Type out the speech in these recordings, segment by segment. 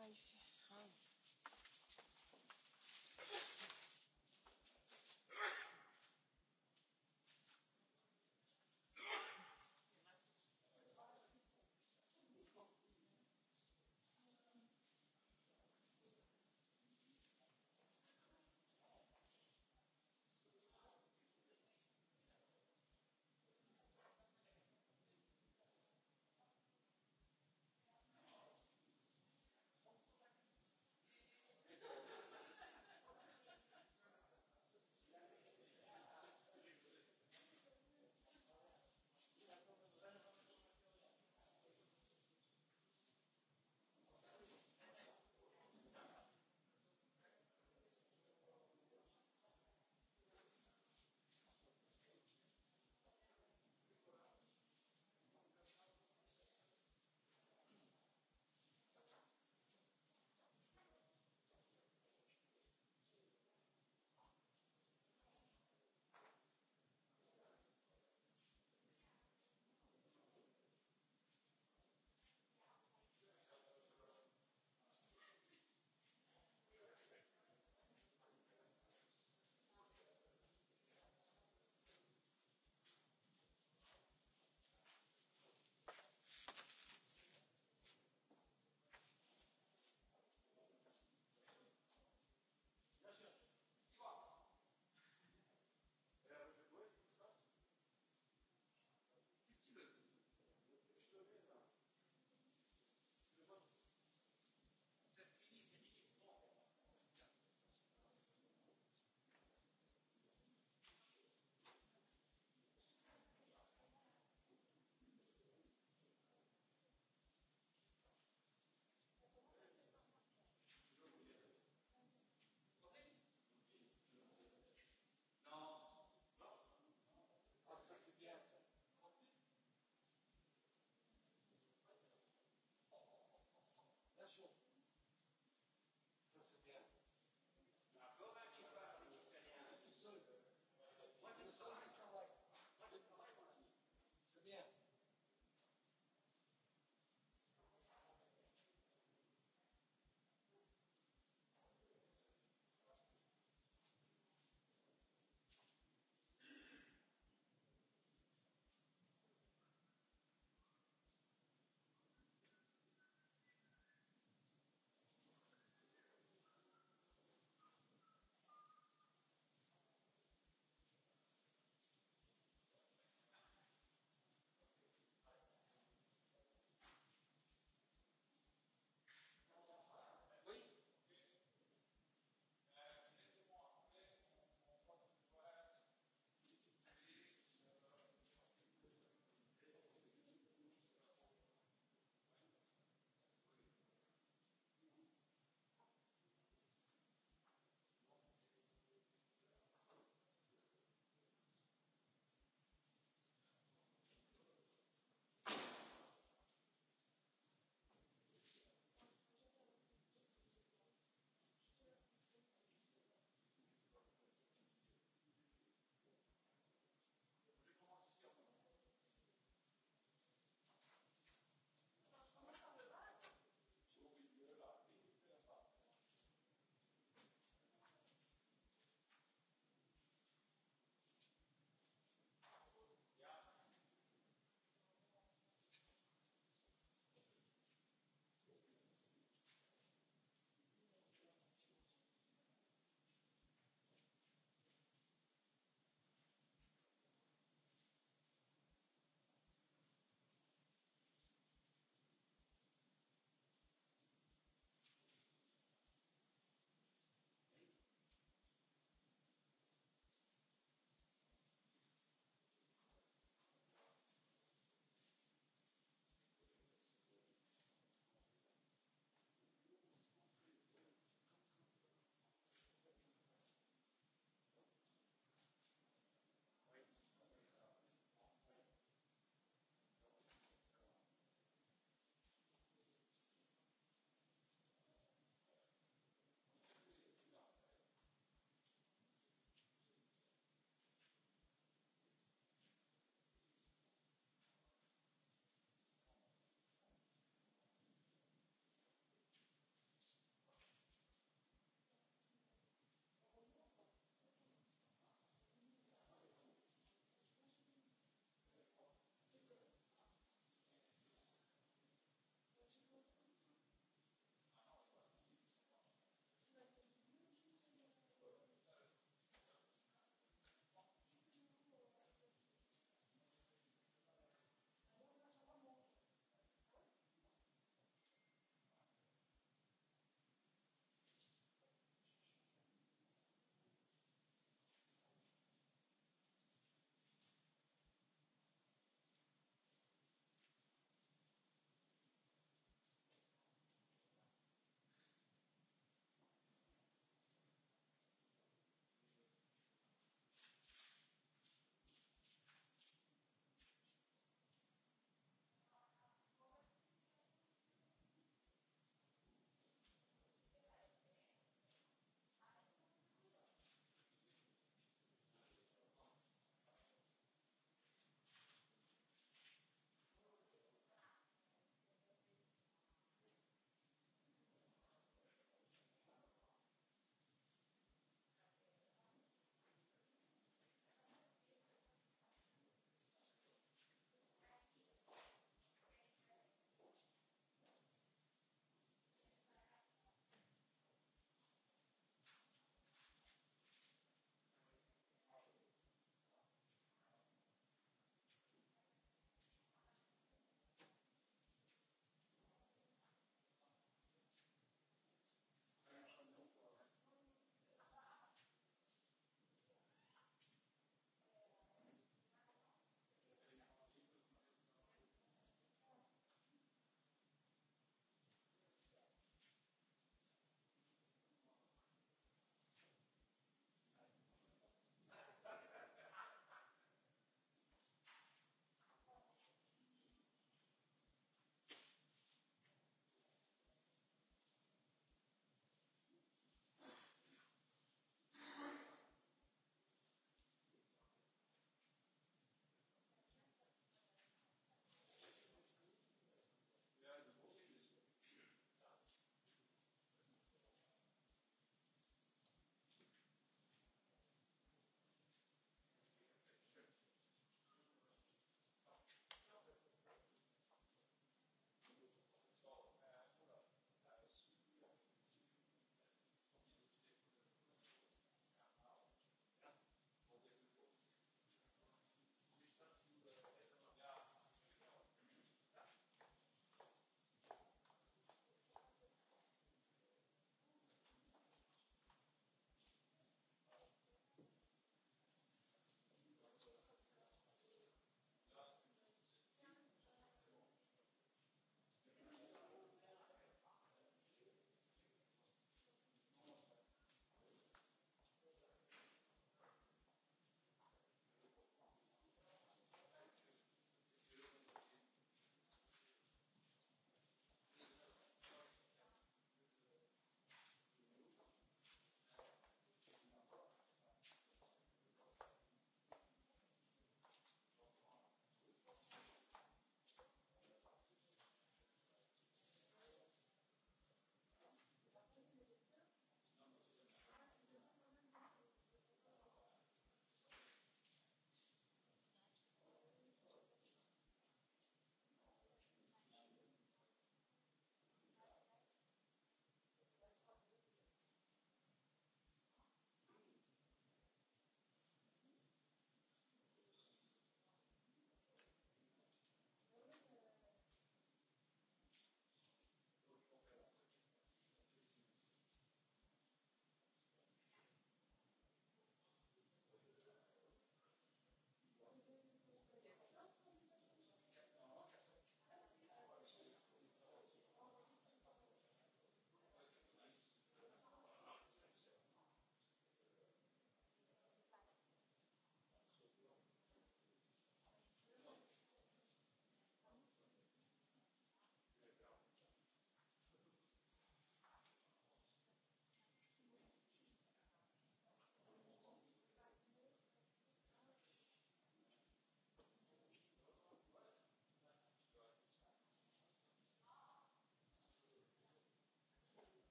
Vai.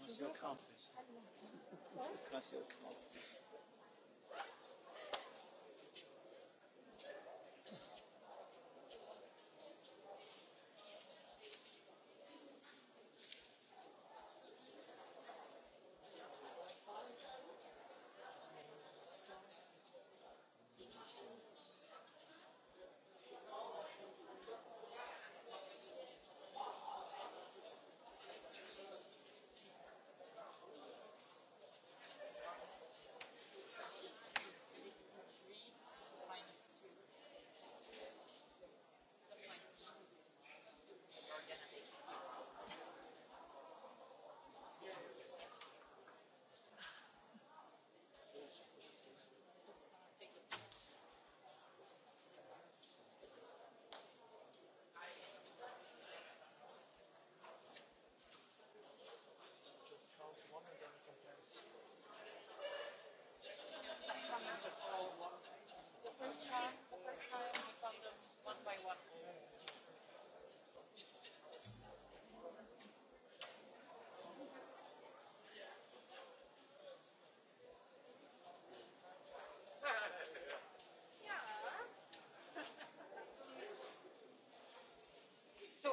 Monsieur Campus. Monsieur Campus.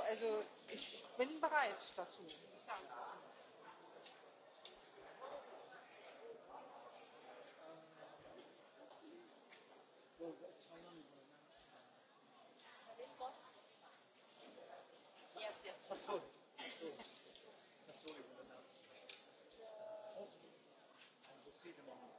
also ich bin bereit dazu. Jetzt, jetzt. Sassoli. Sassoli wurde announced. Uh, hopefully, and we'll see them on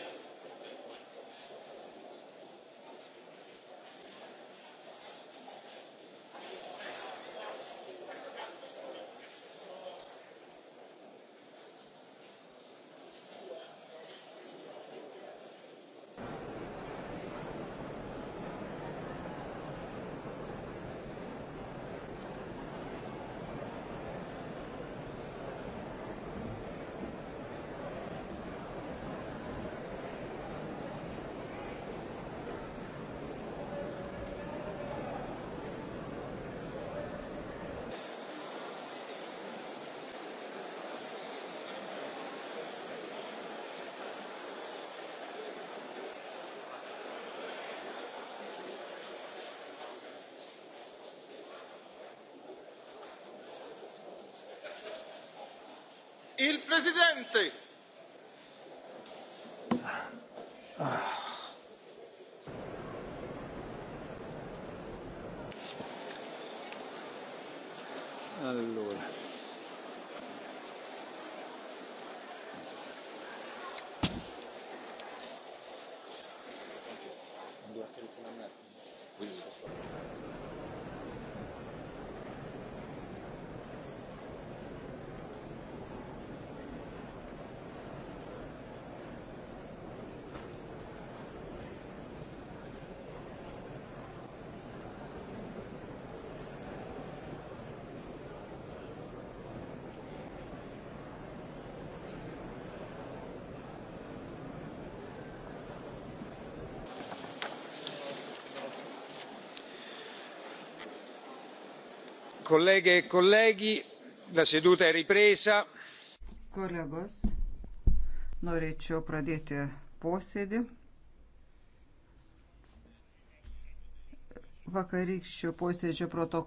il presidente. Kolegė ir e kolegi, la seduta è ripresa. Kolegos, norėčiau pradėti posėdį. Vakarykščio posėdžio protokolą.